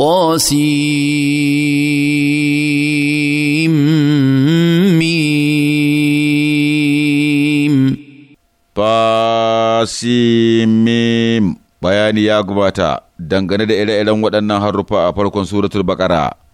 طاسيم طاسيم bayani ya gabata dangane da ire-iren waɗannan haruffa a farkon suratul baƙara